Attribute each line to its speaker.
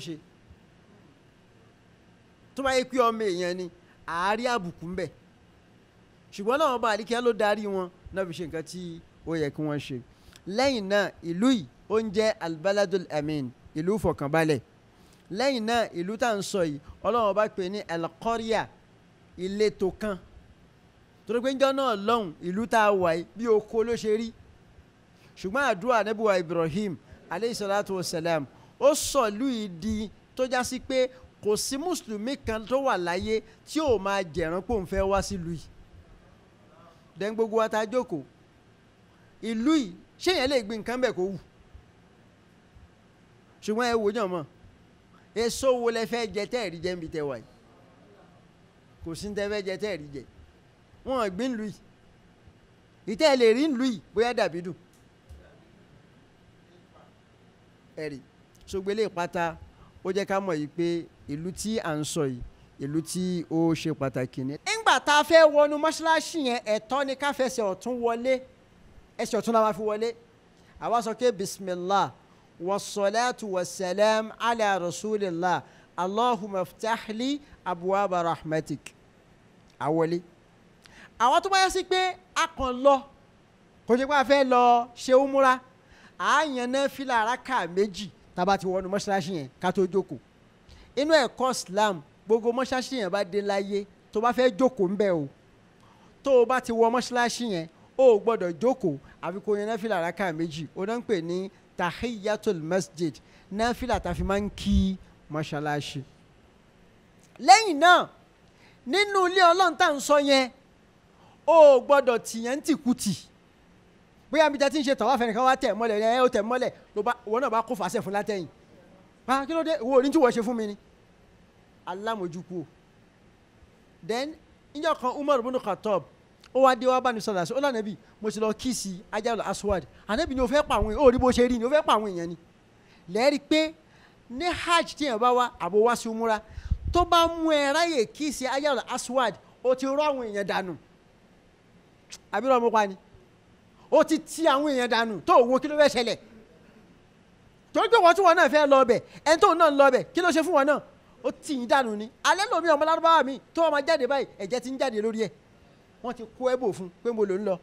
Speaker 1: ṣe tó bá yẹ pé ọmọ èèyàn ni àárí àbùkù ń bẹ ṣùgbọ́n náà ọba àdìkíá ló darí wọn náà fi ṣe nǹkan tí ó yẹ kí wọ́n ṣe lẹ́yìn náà ìlú yìí ó ń jẹ́ albaladul amin ìlú fọkànbalẹ̀ lẹ́yìn náà ìlú tá à ń sọ yìí ọlọ́run ọba pè ní alqarya ìletò kan torí pé njọ́ náà lọ́hùn ìlú tá a wà yìí bí oko ló ṣe rí ṣùgbọ́n àdúrà ànábì Ibrahim aleyhi salatu wa salam ó sọ̀lú ìdí tó já sí pé kò sí mùsùlùmí kan tó wà láyé tí ò máa jẹ̀rán pò ń fẹ́ wá sílùú yìí dẹ́n gbogbo wa ta jókòó ìlú yìí ṣéyàn lè gbin nǹkan bẹ́ẹ̀ kó wù ṣùgbọ́n ẹ wò ó yàn mọ́ èso wo lẹ fẹ́ jẹ tẹ́ ẹ̀rí jẹ ń bi tẹ wà yìí kò sí tẹ́ fẹ́ jẹ tẹ́ ẹ̀rí jẹ wọn ò gbin ìlú yìí ìtẹ́ ẹ lè rí ìlú yìí bóyá dàbí dùn ẹ̀rí ṣùgbọ́n ilé ìpata ó jẹ́ ká mọ̀ yìí pé ìlú tí à ń sọ yìí ìlú tí ó ṣe pàtàkì ni. nígbà tá a fẹ́ wọnú mọ́ṣáláṣí yẹn ẹ̀tọ́ ni ká fẹsẹ̀ ọ̀tún wọlé ẹsẹ̀ ọ̀tún la máa fi wọlé àwa sọ pé bismillah wassalatu wassalam ala rasulillah allahumma ftahli abuwaba rahmatik awọlé. àwọn tó bá sí pé a kàn lọ kò jẹ́ pé a fẹ́ lọ ṣe umura àáyàn náà fìlà àràkà méjì tába ti wọnú mọ́ṣáláṣí yẹn ká tó jókòó inú ẹ̀kọ́ Islam gbogbo mọ́ṣáláṣí yẹn bá dé láyé tó bá fẹ́ jókòó ńbẹ o tó o bá ti wọ mọ́ṣáláṣí yẹn o ò gbọ́dọ̀ jókòó àfi yẹn náfìlà raka méjì o náà ń pè ní tahiyatul masjid náfìlà tàfi máa ń kí mọ́ṣáláṣí lẹ́yìn náà nínú ilé ọlọ́run sọ yẹn o ò gbọ́dọ̀ tìyẹn Ti bóyá mi jẹ́ tí ń ṣe tàn wá tẹ̀ mọ́lẹ̀ ẹ ó tẹ̀ mọ́lẹ̀ wọn náà bá kó fàṣẹ fún látẹ̀yìn pa ah, kí ló dé wo ní tí wọ́n ṣe fún mi ni alámojúkú o then níjọ́ kan Umar bin Khattab ó wá dé wá bá ní sọ̀rọ̀ àṣọ ó lànà bí mo ti lọ kíìsì Hajar al-Aswad ànábì ni o fẹ́ pa àwọn èèyàn ó rí bó ṣe rí ni o fẹ́ pa àwọn èèyàn ni lẹ́ẹ̀rí pé ní hajj tí yẹn bá wá àbò wá sí umura tó bá mú ẹ ráyè kíìsì Hajar al-Aswad ó ti rọ àwọn èèyàn dànù àbí rọ ọmọ pa ni ó ti ti àwọn èèyàn dànù tó wo kí ló fẹ́ ṣẹlẹ̀ torí pé wọ́n tí wọ́n náà fẹ́ lọ bẹ̀ ẹni tó náà lọ bẹ̀ kí ló ṣe fún wọn náà ó tì í dànù ni alẹ́ lómi ọmọ lárúbáwá mi tó wọn máa jáde báyìí ẹ̀jẹ̀ ti ń jáde lórí ẹ̀ wọ́n ti kó ẹ̀bò fún pé mo lò ń lọ